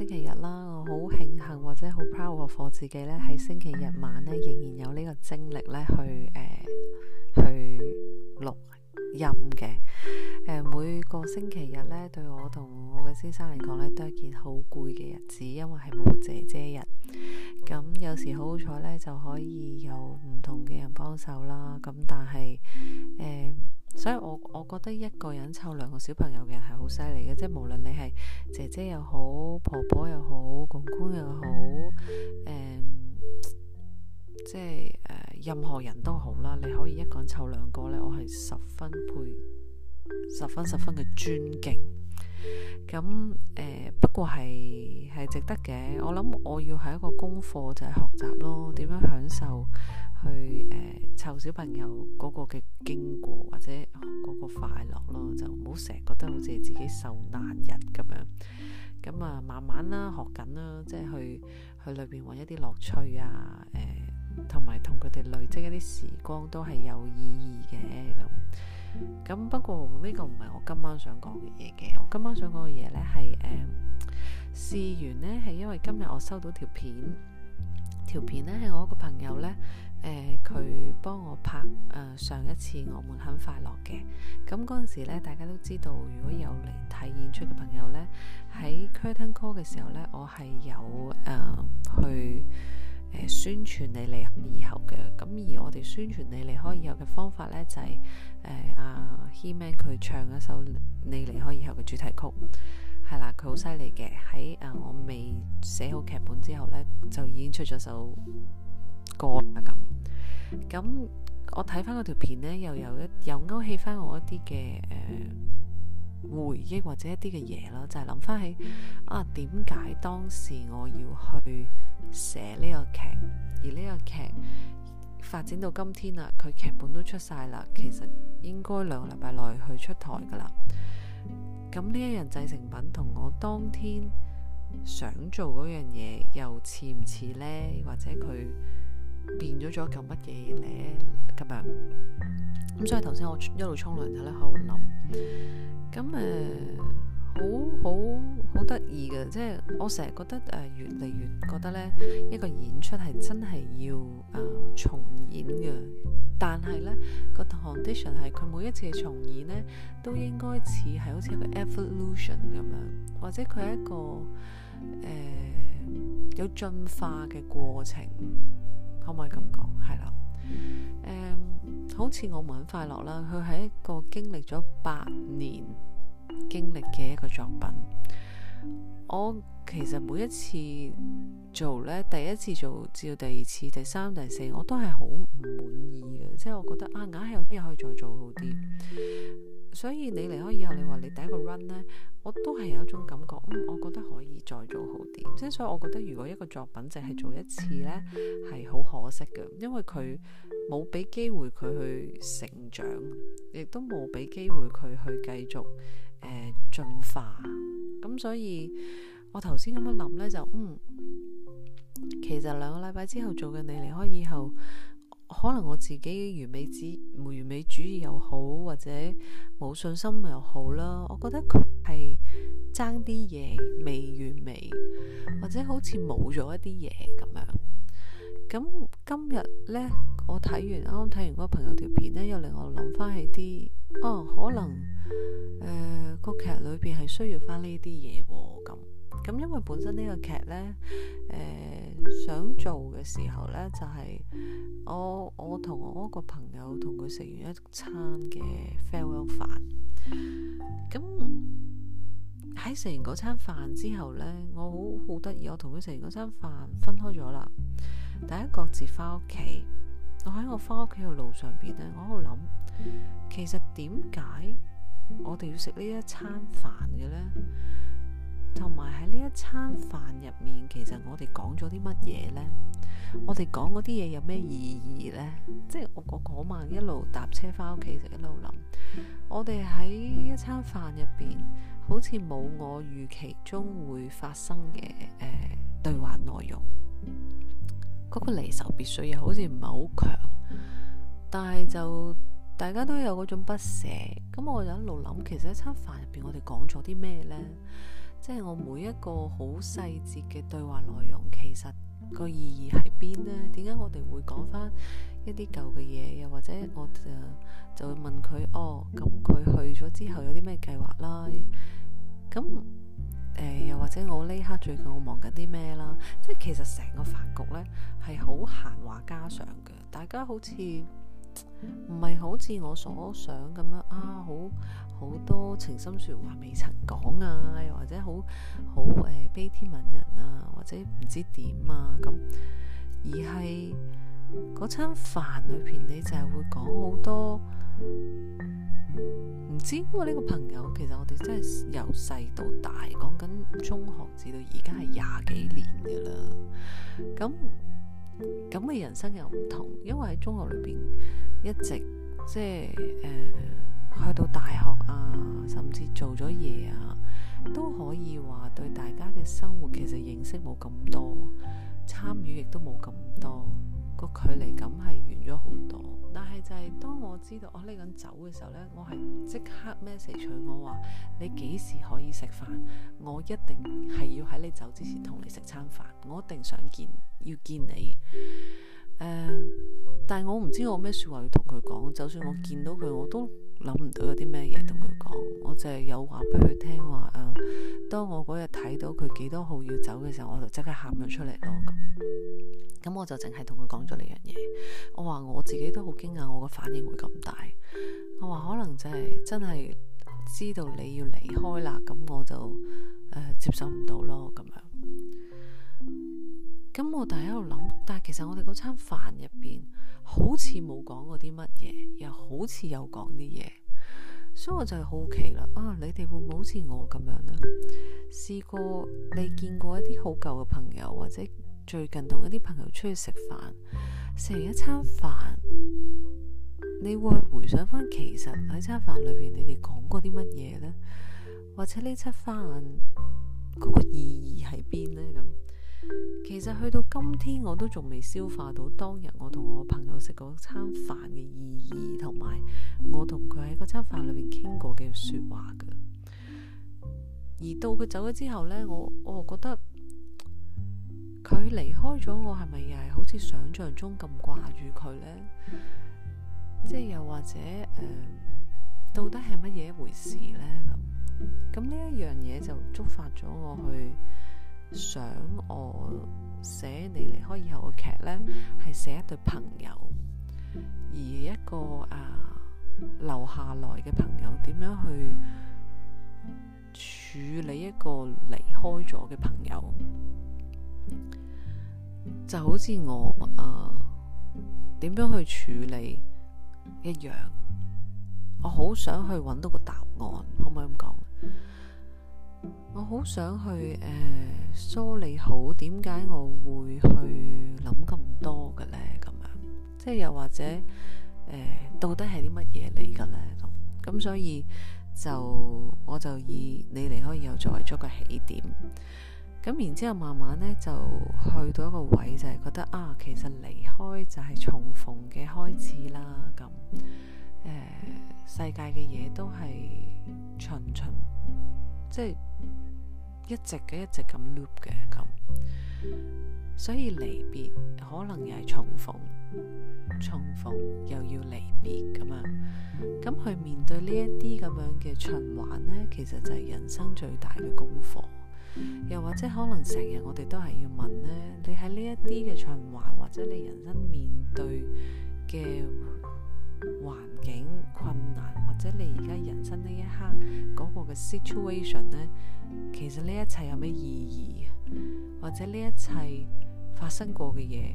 星期日啦，我好慶幸或者好 proud of 自己咧，喺星期日晚咧仍然有呢個精力咧去誒、呃、去錄音嘅。誒、呃，每個星期日咧，對我同我嘅先生嚟講咧，都係一件好攰嘅日子，因為係冇姐姐日。咁有時好彩咧，就可以有唔同嘅人幫手啦。咁但係誒。呃所以我我覺得一個人湊兩個小朋友嘅人係好犀利嘅，即係無論你係姐姐又好，婆婆又好，公公又好，誒、嗯，即係、呃、任何人都好啦。你可以一個人湊兩個呢，我係十分佩服，十分十分嘅尊敬。咁誒、呃，不過係係值得嘅。我諗我要係一個功課就係、是、學習咯，點樣享受。去誒湊、呃、小朋友嗰個嘅經過，或者嗰個快樂咯，就唔好成日覺得好似自己受難日咁樣。咁啊，慢慢啦，學緊啦，即係去去裏邊搵一啲樂趣啊，誒、呃，同埋同佢哋累積一啲時光都係有意義嘅咁。咁不過呢個唔係我今晚想講嘅嘢嘅，我今晚想講嘅嘢呢係誒、呃、試完呢，係因為今日我收到條片，條片呢，係我一個朋友呢。誒佢，呃、幫我拍誒、呃、上一次，我們很快樂嘅，咁嗰陣時咧，大家都知道，如果有嚟睇演出嘅朋友咧，喺 Curtain Call 嘅時候咧，我係有誒、呃、去誒、呃、宣傳你離開以後嘅咁。而我哋宣傳你離開以後嘅方法咧，就係誒阿 He-Man 佢唱一首你離開以後嘅主題曲係啦，佢好犀利嘅，喺誒我未寫好劇本之後咧，就已經出咗首。過咁咁，我睇翻嗰條片呢，又有一又勾起翻我一啲嘅、呃、回憶，或者一啲嘅嘢咯，就係諗翻起啊，點解當時我要去寫呢個劇？而呢個劇發展到今天啦，佢劇本都出晒啦，其實應該兩個禮拜內去出台噶啦。咁呢一樣製成品同我當天想做嗰樣嘢，又似唔似呢？或者佢？變咗咗做乜嘢咧？咁樣咁、嗯，所以頭先我一路沖涼，喺度喺度諗咁誒，好好好得意嘅，即係我成日覺得誒、呃，越嚟越覺得咧，一個演出係真係要誒、呃、重演嘅，但係咧個 condition 係佢每一次嘅重演咧都應該似係好似一個 evolution 咁樣，或者佢係一個誒、呃、有進化嘅過程。可唔可以咁講？係啦，誒、um，好似《我唔係好快樂》啦，佢係一個經歷咗八年經歷嘅一個作品。我其實每一次做呢，第一次做，至到第二次、第三、第四，我都係好唔滿意嘅，即係我覺得啊，硬係有啲嘢可以再做。所以你離開以後，你話你第一個 run 呢，我都係有一種感覺，嗯，我覺得可以再做好啲。即係所以我覺得，如果一個作品淨係做一次呢，係好可惜嘅，因為佢冇俾機會佢去成長，亦都冇俾機會佢去繼續誒、呃、進化。咁所以我頭先咁樣諗呢，就嗯，其實兩個禮拜之後做嘅，你離開以後。可能我自己完美主完美主義又好，或者冇信心又好啦。我覺得佢係爭啲嘢未完美，或者好似冇咗一啲嘢咁樣。咁今日呢，我睇完啱啱睇完個朋友條片呢，又令我諗翻起啲哦、啊，可能誒、呃那個劇裏邊係需要翻呢啲嘢咁。咁因為本身呢個劇呢，誒、呃、想做嘅時候呢，就係、是、我我同我一個朋友同佢食完一餐嘅 farewell 飯。咁喺食完嗰餐飯之後呢，我好好得意，我同佢食完嗰餐飯分開咗啦。大家各自翻屋企，我喺我翻屋企嘅路上邊呢，我喺度諗，其實點解我哋要食呢一餐飯嘅呢？同埋喺呢一餐飯入面，其實我哋講咗啲乜嘢呢？我哋講嗰啲嘢有咩意義呢？即係我我嗰晚一路搭車翻屋企，就一路諗，我哋喺一餐飯入邊，好似冇我預期中會發生嘅誒、呃、對話內容。嗰、那個離愁別緒又好似唔係好強，但係就大家都有嗰種不捨。咁我就一路諗，其實一餐飯入邊，我哋講咗啲咩呢？即係我每一個好細節嘅對話內容，其實個意義喺邊呢？點解我哋會講翻一啲舊嘅嘢？又或者我就就會問佢哦，咁佢去咗之後有啲咩計劃啦？咁誒、呃，又或者我呢刻最近我忙緊啲咩啦？即係其實成個飯局呢係好閒話家常嘅，大家好似。唔係好似我所想咁樣啊，好好多情深說話未曾講啊，又或者好好誒悲天憫人啊，或者唔知點啊咁，而係嗰餐飯裏邊，你就係會講好多唔知、啊，因為呢個朋友其實我哋真係由細到大講緊中學至到而家係廿幾年㗎啦，咁。咁嘅人生又唔同，因為喺中學裏邊一直即係誒、呃，去到大學啊，甚至做咗嘢啊，都可以話對大家嘅生活其實認識冇咁多，參與亦都冇咁多。個距離感係遠咗好多，但係就係當我知道我呢緊走嘅時候呢，我係即刻 message 佢，我話你幾時可以食飯，我一定係要喺你走之前同你食餐飯，我一定想見要見你。呃，但係我唔知我咩說話要同佢講，就算我見到佢我都。諗唔到有啲咩嘢同佢講，我淨係有話俾佢聽話。誒，當我嗰日睇到佢幾多號要走嘅時候，我就即刻喊咗出嚟咯。咁我就淨係同佢講咗呢樣嘢。我話我自己都好驚訝，我個反應會咁大。我話可能就係真係知道你要離開啦，咁我就、呃、接受唔到咯，咁樣。咁我就喺度諗，但係其實我哋嗰餐飯入邊好似冇講過啲乜嘢，又好似有講啲嘢，所以我就好奇啦。啊，你哋會唔會好似我咁樣呢？試過你見過一啲好舊嘅朋友，或者最近同一啲朋友出去食飯，食完一餐飯，你會回想翻，其實喺餐飯裏邊你哋講過啲乜嘢呢？或者呢餐飯嗰個意義喺邊呢？咁，其實去到今天，我都仲未消化到當日我同我朋友食嗰餐飯嘅意義，同埋我同佢喺嗰餐飯裏面傾過嘅說話噶。而到佢走咗之後呢，我我覺得佢離開咗我，係咪又係好似想象中咁掛住佢呢？即係又或者，呃，到底係乜嘢一回事呢？咁咁呢一樣嘢就觸發咗我去。想我寫你離開以後嘅劇呢，係寫一對朋友，而一個啊留下來嘅朋友點樣去處理一個離開咗嘅朋友，就好似我啊點樣去處理一樣，我好想去揾到個答案，可唔可以咁講？我好想去誒梳理好，點解我會去諗咁多嘅咧？咁樣即係又或者誒、呃，到底係啲乜嘢嚟嘅咧？咁咁所以就我就以你離開以後作為咗個起點，咁然之後慢慢咧就去到一個位，就係覺得啊，其實離開就係重逢嘅開始啦。咁誒、呃，世界嘅嘢都係循循，即係。一直嘅一直咁 loop 嘅咁，所以離別可能又係重逢，重逢又要離別咁樣，咁去面對呢一啲咁樣嘅循環咧，其實就係人生最大嘅功課。又或者可能成日我哋都係要問咧，你喺呢一啲嘅循環或者你人生面對嘅環境困難。或者你而家人生呢一刻嗰、那個嘅 situation 咧，其實呢一切有咩意義？或者呢一切發生過嘅嘢，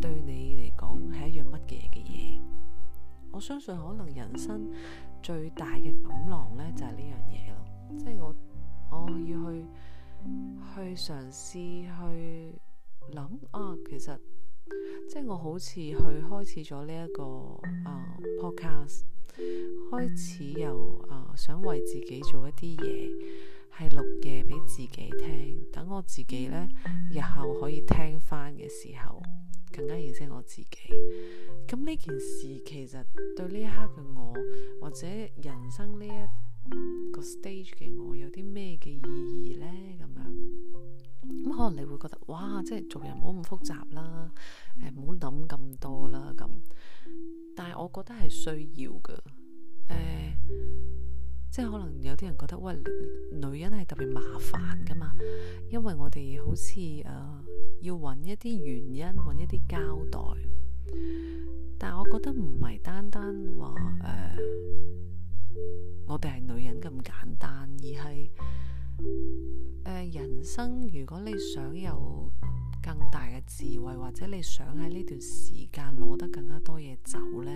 對你嚟講係一樣乜嘢嘅嘢？我相信可能人生最大嘅感悟咧，就係呢樣嘢咯。即係我我要去去嘗試去諗啊，其實即係我好似去開始咗呢一個啊、呃、podcast。開始又啊、呃，想為自己做一啲嘢，係錄嘢俾自己聽，等我自己呢，日後可以聽翻嘅時候，更加認識我自己。咁、嗯、呢件事其實對呢一刻嘅我，或者人生呢一個 stage 嘅我，有啲咩嘅意義呢？咁樣。咁、嗯、可能你會覺得哇，即係做人唔好咁複雜啦，誒、呃，唔好諗咁多啦咁。但係我覺得係需要噶誒、呃，即係可能有啲人覺得，喂，女人係特別麻煩噶嘛，因為我哋好似誒、呃、要搵一啲原因，搵一啲交代。但係我覺得唔係單單話誒、呃，我哋係女人咁簡單，而係。呃，人生如果你想有更大嘅智慧，或者你想喺呢段時間攞得更加多嘢走呢，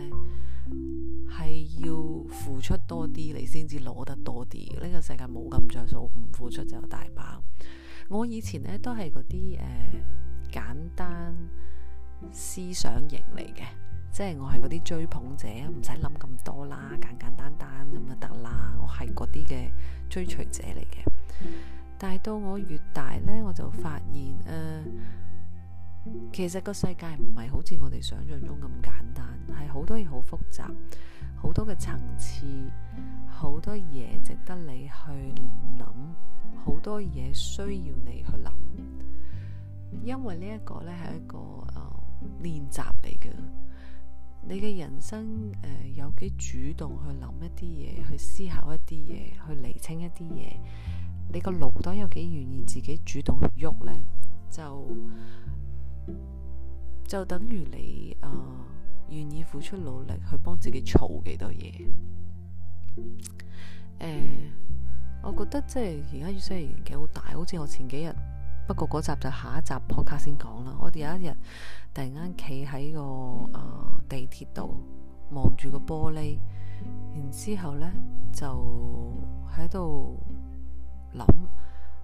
係要付出多啲，你先至攞得多啲。呢個世界冇咁着數，唔付出就有大把。我以前呢都係嗰啲誒簡單思想型嚟嘅。即係我係嗰啲追捧者，唔使諗咁多啦，簡簡單單咁就得啦。我係嗰啲嘅追隨者嚟嘅。但係到我越大呢，我就發現誒、呃，其實個世界唔係好似我哋想象中咁簡單，係好多嘢好複雜，好多嘅層次，好多嘢值得你去諗，好多嘢需要你去諗，因為呢一個呢，係一個誒練習嚟嘅。你嘅人生，呃、有幾主動去諗一啲嘢，去思考一啲嘢，去釐清一啲嘢，你個腦袋有幾願意自己主動去喐呢？就就等於你誒、呃、願意付出努力去幫自己儲幾多嘢，呃。我覺得即係而家越升越年紀好大，好似我前幾日。不過嗰集就下一集破卡先講啦。我哋有一日突然間企喺個誒、呃、地鐵度望住個玻璃，然之後呢就喺度諗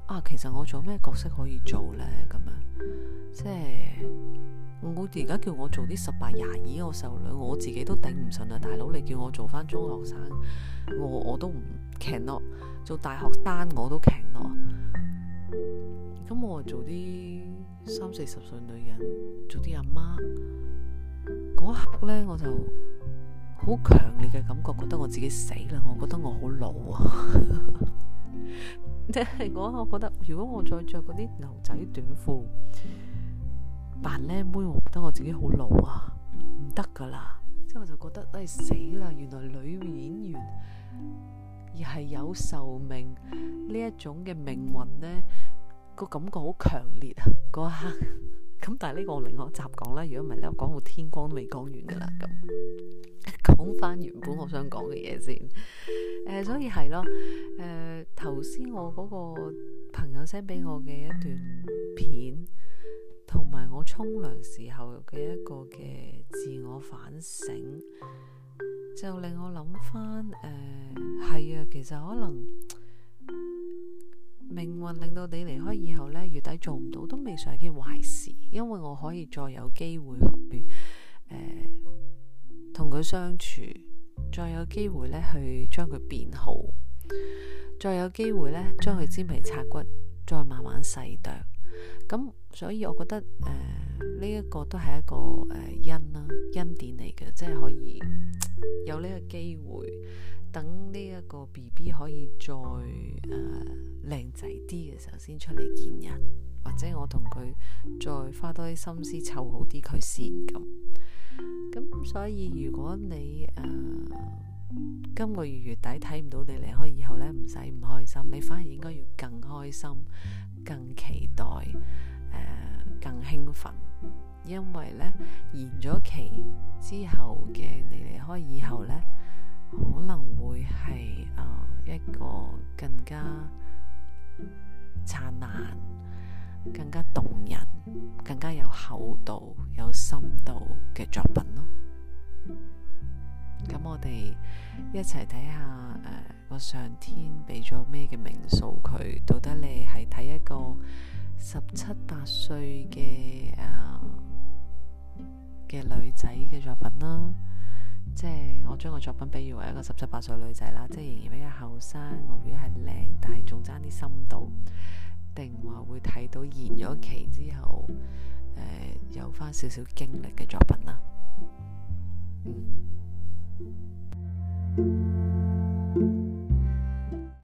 啊，其實我做咩角色可以做呢？咁樣即係我而家叫我做啲十八廿二個細路女，我自己都頂唔順啊！大佬，你叫我做返中學生，我、哦、我都唔強咯；cannot, 做大學生我都強咯。咁我做啲三四十歲女人，做啲阿媽嗰刻咧，我就好強烈嘅感覺，覺得我自己死啦！我覺得我好老啊，即 係我覺得，如果我再着嗰啲牛仔短褲扮靚妹、妹，我覺得我自己好老啊，唔得噶啦！之後我就覺得唉、欸、死啦！原來女演員而係有壽命呢一種嘅命運呢。個感覺好強烈啊！嗰一刻，咁但係呢個我另一集講啦，如果唔係咧，講到天光都未講完噶啦。咁講翻原本我想講嘅嘢先。誒，所以係咯。誒，頭先我嗰個朋友 send 俾我嘅一段片，同埋我沖涼時候嘅一個嘅自我反省，就令我諗翻。誒，係啊，其實可能。命運令到你離開以後呢，月底做唔到都未嘗係件壞事，因為我可以再有機會去同佢，呃，相處，再有機會呢去將佢變好，再有機會呢將佢煎皮拆骨，再慢慢細嚼。咁，嗯，所以我覺得誒呢，呃這個，一個都係一個誒恩啦，恩，呃，典嚟嘅，即係可以有呢個機會。等呢一個 BB 可以再誒靚仔啲嘅時候，先出嚟見人，或者我同佢再花多啲心思湊好啲佢先咁。咁所以如果你誒、呃、今個月月底睇唔到你離開以後呢，唔使唔開心，你反而應該要更開心、更期待、誒、呃、更興奮，因為呢，延咗期之後嘅你離開以後呢。可能會係、呃、一個更加燦爛、更加動人、更加有厚度、有深度嘅作品咯。咁、嗯、我哋一齊睇下誒個、呃、上天畀咗咩嘅名數佢，到底你係睇一個十七八歲嘅嘅女仔嘅作品啦。即係我將個作品比喻為一個十七八歲女仔啦，即係仍然比較後生，外表係靚，但係仲爭啲深度，定話會睇到延咗期之後，呃，有返少少經歷嘅作品啦。